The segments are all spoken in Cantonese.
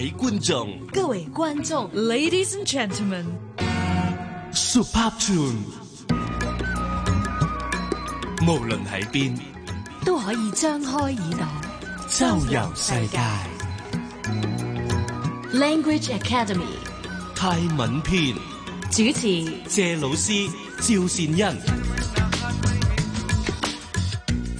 各位觀眾，各位觀眾，Ladies and Gentlemen，Super Tune，無論喺邊都可以張開耳朵，周遊世界。Language Academy，泰文篇，主持謝老師，趙善恩，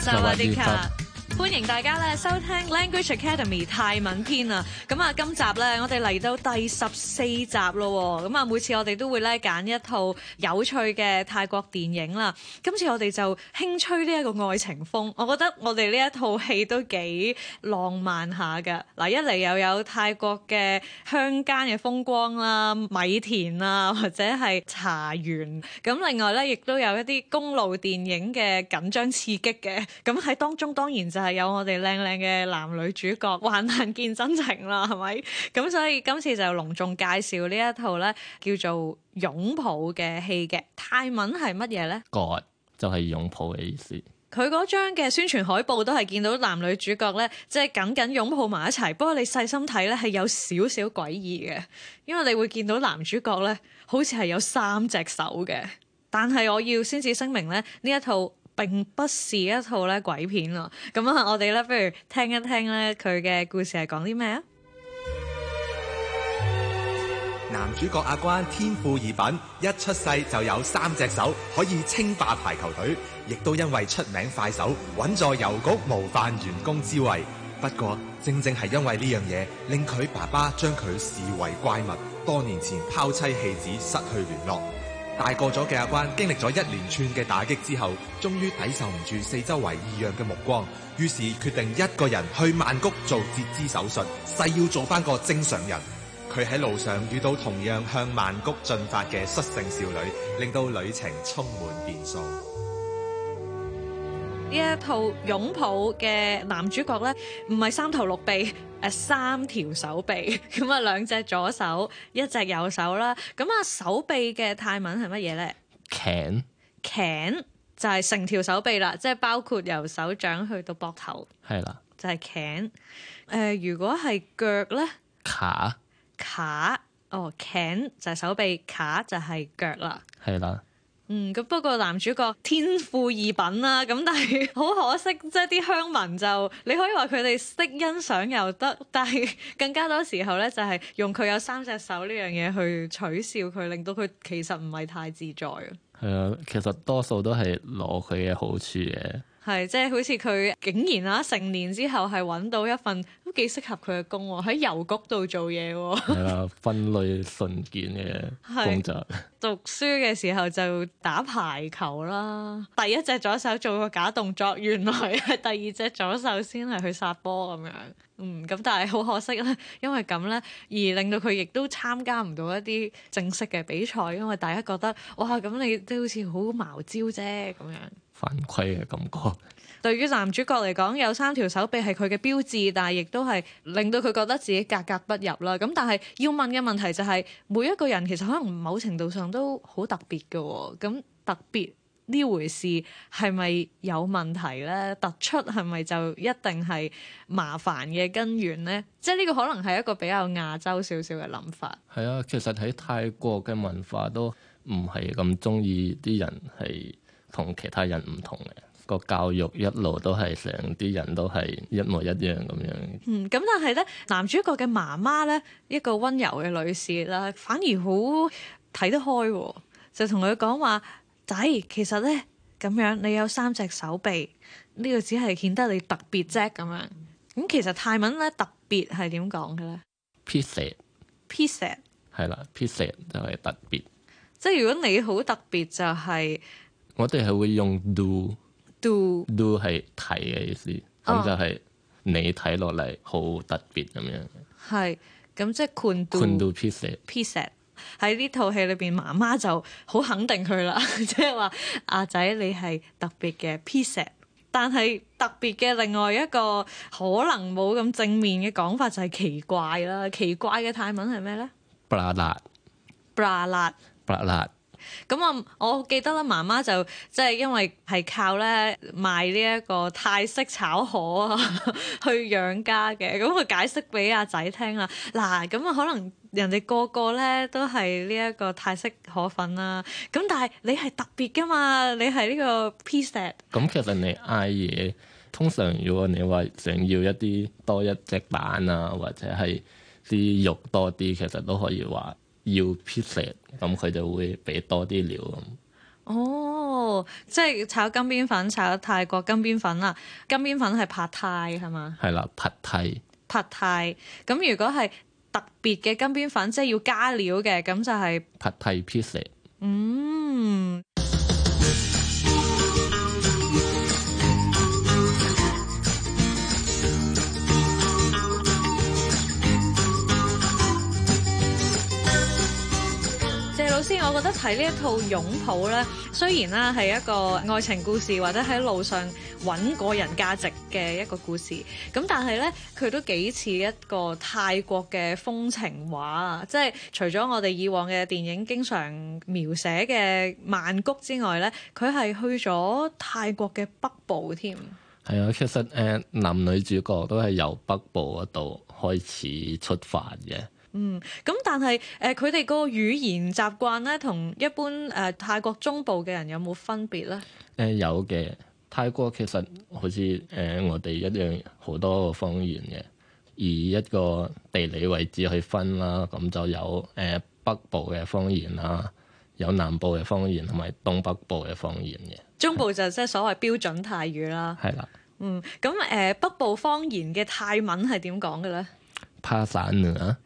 薩瓦迪卡。歡迎大家咧收聽 Language Academy 泰文篇啊！咁啊，今集咧我哋嚟到第十四集咯喎，咁啊每次我哋都會咧揀一套有趣嘅泰國電影啦。今次我哋就輕吹呢一個愛情風，我覺得我哋呢一套戲都幾浪漫下嘅。嗱，一嚟又有泰國嘅鄉間嘅風光啦、米田啊，或者係茶園。咁另外咧，亦都有一啲公路電影嘅緊張刺激嘅。咁喺當中當然就係、是有我哋靚靚嘅男女主角，患難見真情啦，係咪？咁 所以今次就隆重介紹呢一套咧，叫做擁抱嘅戲劇。泰文係乜嘢呢？「God」就係擁抱嘅意思。佢嗰張嘅宣傳海報都係見到男女主角咧，即係緊緊擁抱埋一齊。不過你細心睇咧，係有少少詭異嘅，因為你會見到男主角咧，好似係有三隻手嘅。但係我要先至聲明咧，呢一套，並不是一套咧鬼片咯，咁啊，我哋咧，不如聽一聽咧佢嘅故事係講啲咩啊？男主角阿關天賦異稟，一出世就有三隻手，可以稱霸排球隊，亦都因為出名快手，穩在郵局模範員工之位。不過正正係因為呢樣嘢，令佢爸爸將佢視為怪物，多年前拋妻棄子，失去聯絡。大過咗嘅阿關，經歷咗一連串嘅打擊之後，終於抵受唔住四周圍異樣嘅目光，於是決定一個人去曼谷做截肢手術，誓要做返個正常人。佢喺路上遇到同樣向曼谷進發嘅率性少女，令到旅程充滿變數。呢一套擁抱嘅男主角咧，唔係三頭六臂，誒三條手臂，咁 啊兩隻左手，一隻右手啦。咁啊手臂嘅泰文係乜嘢咧？can can 就係成條手臂啦，即係包括由手掌去到膊頭。係啦的，就係 can、呃。誒如果係腳咧？卡，卡，哦 can 就係手臂，卡就，就係腳啦。係啦。嗯，咁不過男主角天賦異稟啦，啊，咁但係好可惜，即係啲鄉民就你可以話佢哋識欣賞又得，但係更加多時候咧就係、是、用佢有三隻手呢樣嘢去取笑佢，令到佢其實唔係太自在嘅。啊，嗯，其實多數都係攞佢嘅好處嘅。係，即係好似佢竟然啊，成年之後係揾到一份都幾適合佢嘅工喎、哦，喺郵局度做嘢喎。係 啦、啊，分類信件嘅工作。讀書嘅時候就打排球啦，第一隻左手做個假動作，原來係第二隻左手先係去殺波咁樣。嗯，咁但係好可惜啦，因為咁呢，而令到佢亦都參加唔到一啲正式嘅比賽，因為大家覺得哇，咁你都好似好茅招啫咁樣。犯規嘅感覺。對於男主角嚟講，有三條手臂係佢嘅標誌，但係亦都係令到佢覺得自己格格不入啦。咁但係要問嘅問題就係、是，每一個人其實可能某程度上都好特別嘅、哦。咁特別呢回事係咪有問題咧？突出係咪就一定係麻煩嘅根源咧？即係呢個可能係一個比較亞洲少少嘅諗法。係啊，其實喺泰國嘅文化都唔係咁中意啲人係同其他人唔同嘅，個教育一路都係成啲人都係一模一樣咁樣。嗯，咁但係咧，男主角嘅媽媽咧，一個溫柔嘅女士啦，反而好睇得開，就同佢講話：仔，其實咧咁樣，你有三隻手臂，呢個只係顯得你特別啫。咁樣，咁其實泰文咧特別係點講嘅咧？phiset，phiset，係啦，phiset 就係特別。即係如果你好特別，就係。我哋係會用 do do do 係提嘅意思，咁、oh. 就係你睇落嚟好特別咁樣。係，咁即係 piset。piset 喺呢套戲裏邊，媽媽就好肯定佢啦，即係話阿仔你係特別嘅 piset。但係特別嘅另外一個可能冇咁正面嘅講法就係奇怪啦。奇怪嘅泰文係咩咧？布拉達，布拉達，布拉達。咁啊，我記得啦，媽媽就即係因為係靠咧賣呢一個泰式炒河啊 去養家嘅，咁佢解釋俾阿仔聽啦。嗱，咁啊可能人哋個個咧都係呢一個泰式河粉啦，咁但係你係特別㗎嘛，你係呢個 piece set。咁其實你嗌嘢，通常如果你話想要一啲多一隻蛋啊，或者係啲肉多啲，其實都可以話。要披薩，咁佢就會俾多啲料咁。哦，即係炒金邊粉，炒泰國金邊粉啦，啊。金邊粉係 pad thai 係嘛？係啦，pad thai。pad thai 咁如果係特別嘅金邊粉，即係要加料嘅，咁就係 pad thai 披薩。嗯。首先，我覺得睇呢一套擁抱咧，雖然啦係一個愛情故事，或者喺路上揾個人價值嘅一個故事，咁但係咧佢都幾似一個泰國嘅風情畫啊！即係除咗我哋以往嘅電影經常描寫嘅曼谷之外咧，佢係去咗泰國嘅北部添。係啊，其實誒男女主角都係由北部嗰度開始出發嘅。嗯，咁但係誒佢哋個語言習慣咧，同一般誒、呃、泰國中部嘅人有冇分別咧？誒、呃、有嘅，泰國其實好似誒、呃、我哋一樣好多個方言嘅，以一個地理位置去分啦，咁就有誒、呃、北部嘅方言啦，有南部嘅方言同埋東北部嘅方言嘅。中部就即係所謂標準泰語啦。係啦、 嗯，嗯，咁、呃、誒北部方言嘅泰文係點講嘅咧？怕散。s 啊、嗯！嗯呃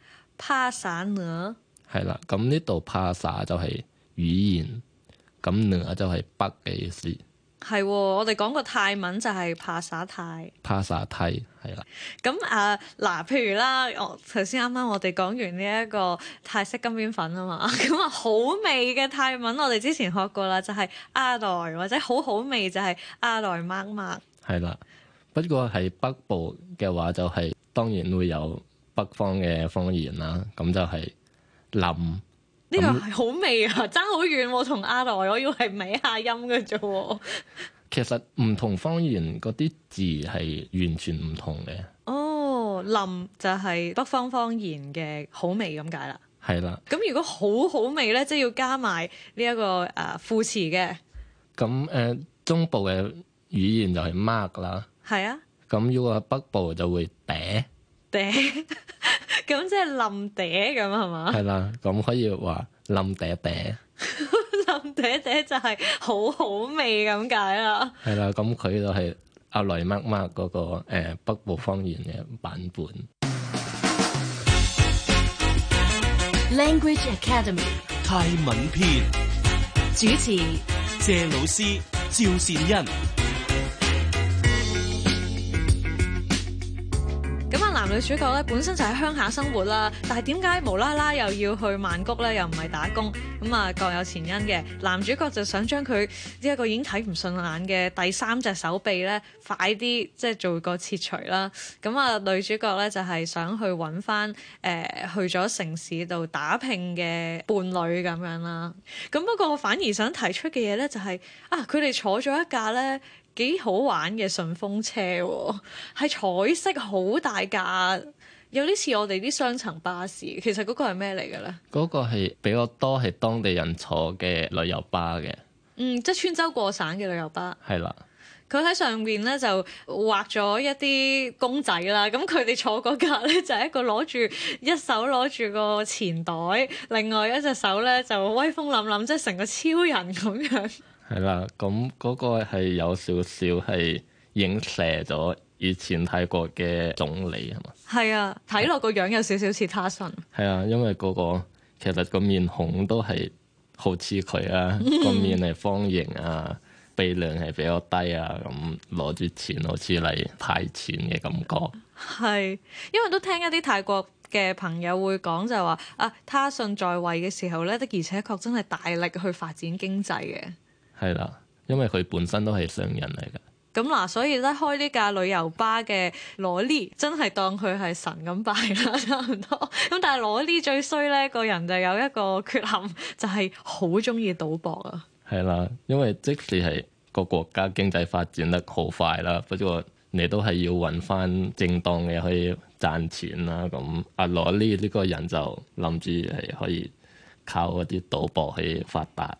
passa 呢？係啦，咁呢度 passa 就係語言，咁呢就係北嘅意思。係，我哋講個泰文就係 passa 泰。passa 泰係啦，咁啊嗱，譬、呃、如啦，剛剛剛我頭先啱啱我哋講完呢一個泰式金邊粉啊嘛，咁 啊好味嘅泰文我哋之前學過啦，就係、是、阿來或者好好味就係阿來媽媽。係啦，不過喺北部嘅話就係、是、當然會有。北方嘅方言啦，咁就係、是、冧。呢個係好味啊，差好遠喎、啊，同阿萊我以為係尾下音嘅啫喎。 其實唔同方言嗰啲字係完全唔同嘅。哦，冧就係北方方言嘅好味咁解啦。係啦的。咁如果好好味咧，即、就、係、是、要加埋呢一個誒副詞嘅。咁、啊、誒、呃，中部嘅語言就係 mark 啦的。係啊。咁如果北部就會嗲。嗲，咁即係冧嗲咁係嘛？係啦，咁可以話冧嗲嗲，冧嗲嗲就係好好味咁解啦。係啦，咁佢就係阿來乜乜嗰個誒北部方言嘅版本。Language Academy，泰文篇，主持謝老師，趙善恩。男女主角咧本身就喺鄉下生活啦，但係點解無啦啦又要去曼谷咧？又唔係打工咁啊？各有前因嘅。男主角就想將佢呢一個已經睇唔順眼嘅第三隻手臂咧，快啲即係做個切除啦。咁啊，女主角咧就係、是、想去揾返誒去咗城市度打拼嘅伴侶咁樣啦。咁不過我反而想提出嘅嘢咧，就係、是、啊，佢哋坐咗一架咧。幾好玩嘅順風車，係彩色，好大架，有啲似我哋啲雙層巴士。其實嗰個係咩嚟嘅咧？嗰個係比較多係當地人坐嘅旅遊巴嘅。嗯，即係穿州過省嘅旅遊巴。係啦，佢喺上面咧就畫咗一啲公仔啦。咁佢哋坐嗰架咧就係一個攞住一手攞住個錢袋，另外一隻手咧就威風凜凜，即係成個超人咁樣。係啦，咁嗰、嗯，那個係有少少係影射咗以前泰國嘅總理，係嘛？係啊，睇落個樣有少少似他信。係啊，因為嗰、那個其實個面孔都係好似佢啊，個、嗯、面係方形啊，鼻梁係比較低啊，咁攞住錢好似嚟派錢嘅感覺。係，因為都聽一啲泰國嘅朋友會講就係話啊，他信在位嘅時候咧，的而且確真係大力去發展經濟嘅。係啦，因為佢本身都係商人嚟噶。咁嗱、啊，所以咧開呢架旅遊巴嘅羅尼，真係當佢係神咁拜啦，差唔多。咁但係羅尼最衰咧，個人就有一個缺陷，就係好中意賭博啊。係啦，因為即使係個國家經濟發展得好快啦，不過你都係要揾翻正當嘅可以賺錢啦。咁阿、啊、羅尼呢個人就諗住係可以靠一啲賭博去發達。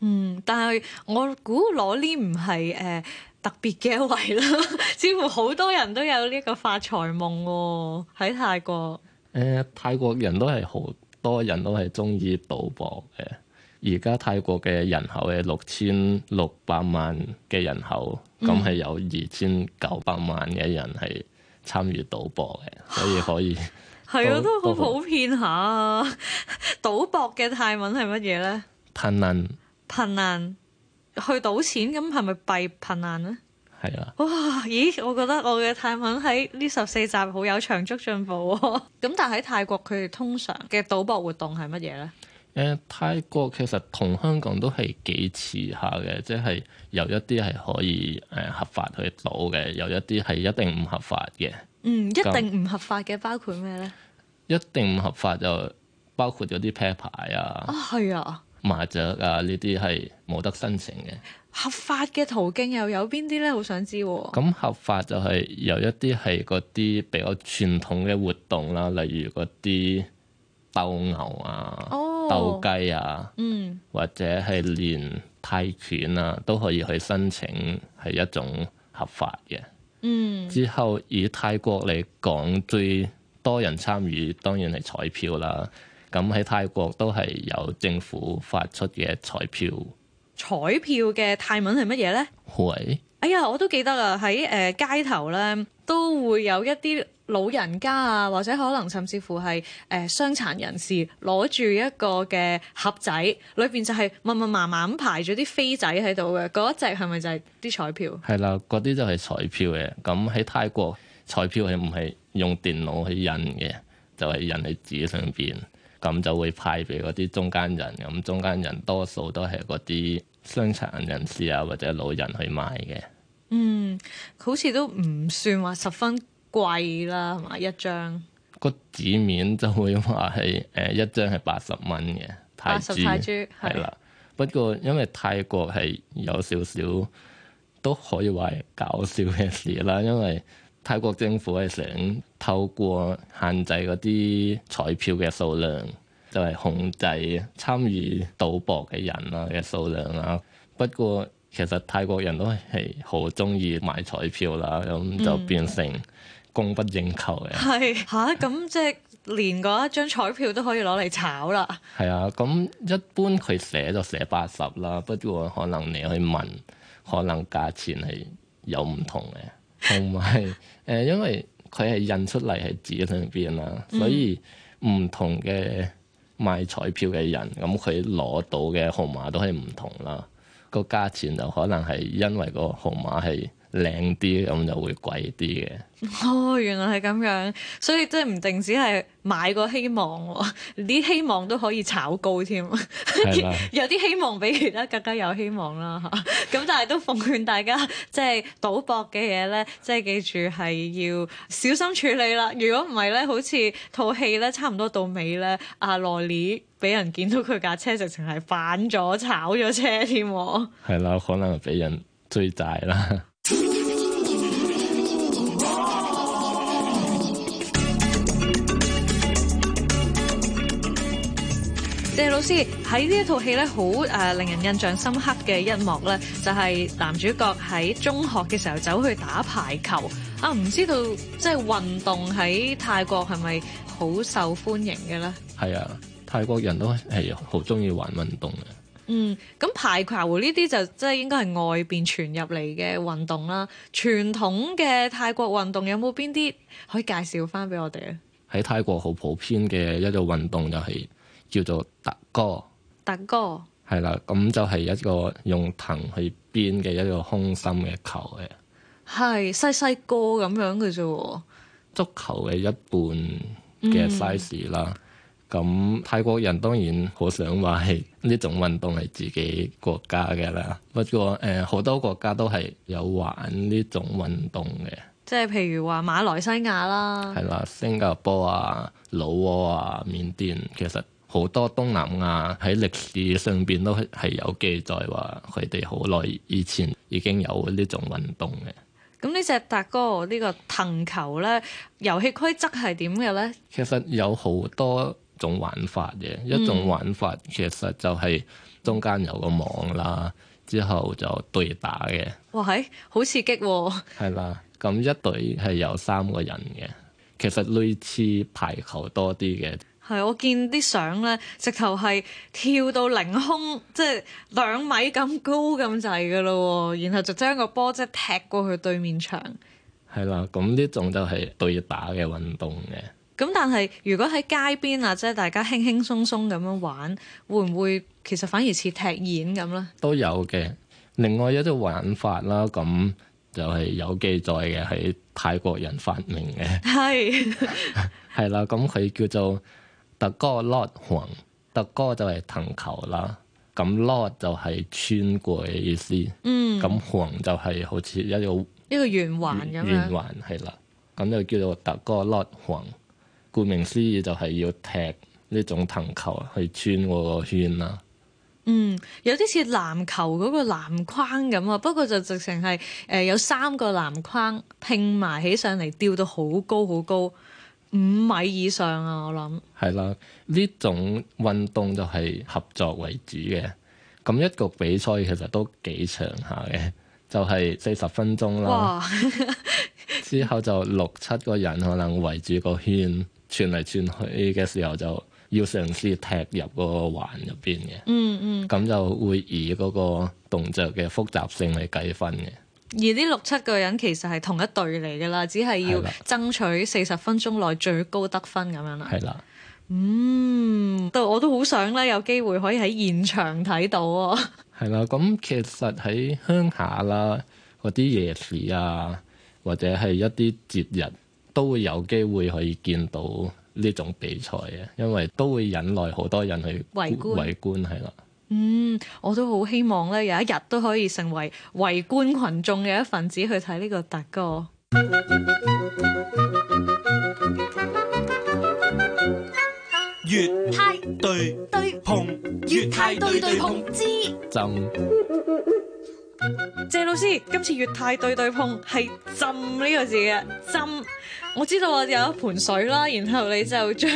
嗯，但係我估攞呢唔係誒特別嘅一位咯， 似乎好多人都有呢一個發財夢喎喺泰國。誒、呃，泰國人都係好多人都係中意賭博嘅。而家泰國嘅人口係六千六百萬嘅人口，咁係、嗯、有二千九百萬嘅人係參與賭博嘅，所以可以係 都啊，都好普遍下啊。賭博嘅泰文係乜嘢咧？貧民、嗯。貧難去賭錢，咁係咪弊貧難呢？係啊！哇！咦，我覺得我嘅泰文喺呢十四集好有長足進步，啊。咁 但係喺泰國佢哋通常嘅賭博活動係乜嘢呢？誒、呃，泰國其實同香港都係幾似下嘅，即、就、係、是、有一啲係可以誒合法去賭嘅，有一啲係一定唔合法嘅。嗯，一定唔合法嘅包括咩呢，嗯？一定唔合法就包括咗啲 pair 牌啊。啊，係啊。麻雀啊，呢啲係冇得申請嘅。合法嘅途徑又有邊啲呢？好想知、啊。咁合法就係有一啲係嗰啲比較傳統嘅活動啦，例如嗰啲鬥牛啊、哦、鬥雞啊，嗯，或者係練泰拳啊，都可以去申請係一種合法嘅。嗯，之後以泰國嚟講，最多人參與當然係彩票啦。咁喺泰國都係由政府發出嘅彩票，彩票嘅泰文係乜嘢咧？喂，哎呀，我都記得啊！喺誒街頭咧，都會有一啲老人家啊，或者可能甚至乎係誒、呃、傷殘人士攞住一個嘅盒仔，裏邊就係密密麻麻咁排住啲飛仔喺度嘅。嗰一隻係咪就係啲彩票？係啦，嗰啲就係彩票嘅。咁喺泰國彩票係唔係用電腦去印嘅？就係、是、印喺紙上邊。咁就會派俾嗰啲中間人，咁中間人多數都係嗰啲傷殘人士啊或者老人去買嘅。嗯，好似都唔算話十分貴啦，係嘛一張？個紙面就會話係誒一張係八十蚊嘅八十泰銖，係啦。了的不過因為泰國係有少少都可以話係搞笑嘅事啦，因為。泰國政府係想透過限制嗰啲彩票嘅數量，就係、是、控制參與賭博嘅人啊嘅數量啊。不過其實泰國人都係好中意買彩票啦，咁就變成供不應求嘅。係吓、嗯，咁即係連嗰一張彩票都可以攞嚟炒啦。係 啊，咁一般佢寫就寫八十啦，不過可能你去問，可能價錢係有唔同嘅。同埋，誒、呃，因為佢係印出嚟係紙上面啦，所以唔同嘅買彩票嘅人，咁佢攞到嘅號碼都係唔同啦，個價錢就可能係因為個號碼係，靚啲咁就會貴啲嘅。哦，原來係咁樣，所以即係唔定止係買個希望、哦，啲希望都可以炒高添。的 有啲希望比其他更加有希望啦嚇。咁 但係都奉勸大家，即係賭博嘅嘢咧，即係記住係要小心處理啦。如果唔係咧，好似套戲咧，差唔多到尾咧，阿羅尼俾人見到佢架車直情係反咗炒咗車添。係啦，可能俾人追債啦。 謝老師喺呢一套戲咧，好誒、呃、令人印象深刻嘅一幕咧，就係、是、男主角喺中學嘅時候走去打排球啊！唔知道即係運動喺泰國係咪好受歡迎嘅咧？係啊，泰國人都係好鍾意玩運動嘅。嗯，咁排球呢啲就即係應該係外邊傳入嚟嘅運動啦。傳統嘅泰國運動有冇邊啲可以介紹返畀我哋咧？喺泰國好普遍嘅一個運動就係、是。叫做特哥，特哥係啦，咁就係一個用藤去編嘅一個空心嘅球嘅，係細細個咁樣嘅啫，足球嘅一半嘅 size、嗯、啦。咁、嗯、泰國人當然好想話係呢種運動係自己國家嘅啦，不過誒好、呃、多國家都係有玩呢種運動嘅，即係譬如話馬來西亞啦，係啦，新加坡啊、老撾啊、緬甸，其實。好多東南亞喺歷史上邊都係有記載，話佢哋好耐以前已經有呢種運動嘅。咁呢隻達哥呢個藤球咧，遊戲規則係點嘅咧？其實有好多種玩法嘅，嗯、一種玩法其實就係中間有個網啦，之後就對打嘅。哇！係好刺激喎、哦。係啦，咁一隊係有三個人嘅，其實類似排球多啲嘅。係我見啲相咧，直頭係跳到凌空，即係兩米咁高咁滯噶咯，然後就將個波即係踢過去對面牆。係啦，咁呢種就係對打嘅運動嘅。咁但係如果喺街邊啊，即係大家輕輕鬆鬆咁樣玩，會唔會其實反而似踢毽咁咧？都有嘅，另外一種玩法啦，咁就係有記載嘅，喺泰國人發明嘅。係係啦，咁 佢 叫做。特哥落環，特哥就係藤球啦。咁落就係穿過嘅意思。嗯。咁環就係好似一個一個圓環咁。圓環係啦。咁就叫做特哥落環。顧名思義就係要踢呢種藤球去穿過個圈啦。嗯，有啲似籃球嗰個籃框咁啊，不過就直情係誒、呃、有三個籃框拼埋起上嚟，吊到好高好高。五米以上啊，我諗係 啦，呢種運動就係合作為主嘅。咁一局比賽其實都幾長下嘅，就係四十分鐘啦，哇 之後就六七個人可能圍住個圈串嚟串去嘅時候，就要嘗試踢入個環入邊嘅，嗯嗯，咁就會以嗰個動作嘅複雜性嚟計分嘅。而呢六七個人其實係同一隊嚟㗎啦，只係要爭取四十分鐘內最高得分咁樣啦。係啦，嗯，都我都好想咧有機會可以喺現場睇到啊。係啦，咁其實喺鄉下啦，嗰啲夜市啊，或者係一啲節日都會有機會可以見到呢種比賽嘅，因為都會引來好多人去圍觀，圍觀。嗯，我都好希望咧，有一日都可以成為圍觀群眾嘅一份子去睇呢個達哥。粵泰對對碰，粵泰對對碰，浸。泡 謝老師，今次粵泰對對碰係浸呢個字嘅浸。我知道我有一盆水啦，然後你就將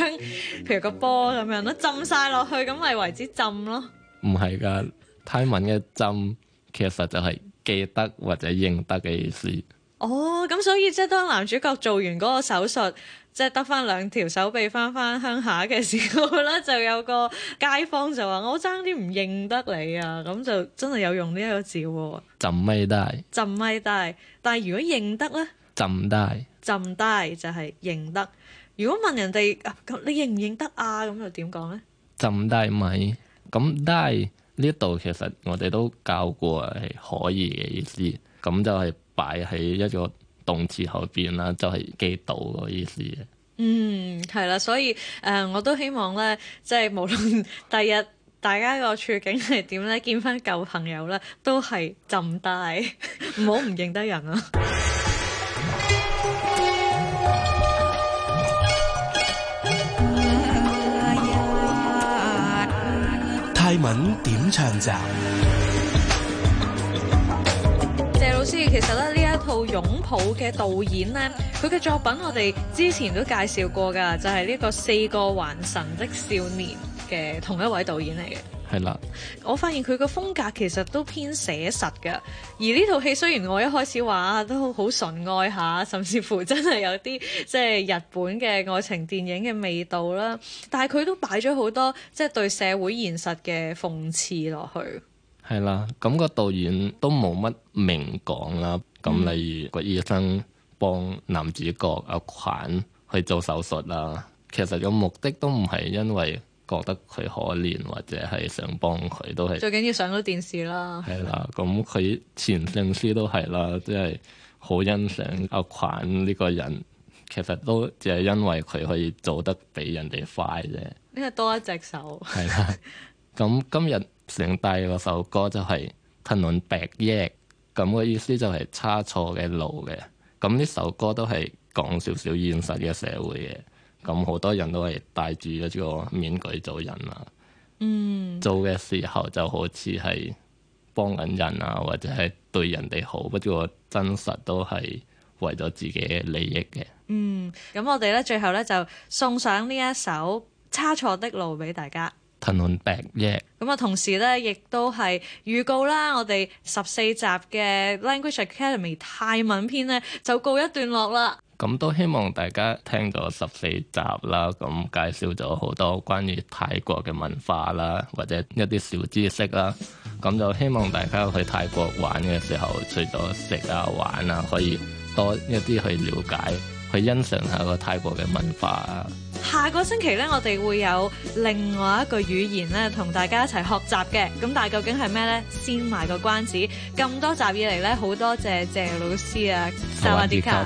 譬如個波咁樣啦，浸晒落去，咁咪為之浸咯。唔係噶，泰文嘅浸其實就係記得或者認得嘅意思。哦，咁所以即係當男主角做完嗰個手術，即係得翻兩條手臂翻翻鄉下嘅時候咧， 就有個街坊就話我爭啲唔認得你啊。咁就真係有用呢一個字喎、啊。浸咪帶，浸咪帶。但係如果認得咧，浸帶，浸帶就係認得。如果問人哋啊，咁你認唔認得啊？咁又點講咧？浸帶咪。咁但 i 呢一度其實我哋都教過係可以嘅意思，咁就係擺喺一個動詞後邊啦，就係基到個意思，嗯，係啦，所以誒、呃，我都希望咧，即係無論第日大家個處境係點咧，見翻舊朋友咧，都係浸 d 唔好唔認得人啊！ 文點唱集？謝老師，其實咧呢一套擁抱嘅導演咧，佢嘅作品我哋之前都介紹過噶，就係、是、呢、這個四個還神的少年嘅同一位導演嚟嘅。係啦，我發現佢個風格其實都偏寫實㗎，而呢套戲雖然我一開始話都好純愛下，甚至乎真係有啲即係日本嘅愛情電影嘅味道啦，但係佢都擺咗好多即係對社會現實嘅諷刺落去。係啦，咁、那個導演都冇乜明講啦，咁例如、嗯、個醫生幫男主角阿群去做手術啦，其實個目的都唔係因為。覺得佢可憐或者係想幫佢都係，最緊要上咗電視啦。係啦，咁佢前上司都係啦，即係好欣賞阿群呢個人。其實都只係因為佢可以做得比人哋快啫。呢個多一隻手。係 啦，咁今日成帝嗰首歌就係、是《吞輪百億》，咁、那、嘅、個意思就係差錯嘅路嘅。咁呢首歌都係講少少現實嘅社會嘅。咁好多人都係戴住呢個面具做人啦、啊，嗯，做嘅時候就好似係幫緊人啊，或者係對人哋好，不過真實都係為咗自己利益嘅。嗯，咁我哋咧最後咧就送上呢一首差錯的路俾大家，Turn on back, yeah。咁啊，同時咧亦都係預告啦，我哋十四集嘅 Language Academy 泰文篇咧就告一段落啦。咁都希望大家聽咗十四集啦，咁介紹咗好多關於泰國嘅文化啦，或者一啲小知識啦。咁就希望大家去泰國玩嘅時候，除咗食啊、玩啊，可以多一啲去了解，去欣賞下個泰國嘅文化啊。下個星期呢，我哋會有另外一個語言咧，同大家一齊學習嘅。咁但係究竟係咩呢？先賣個關子。咁多集以嚟呢，好多謝謝老師啊，沙瓦迪卡。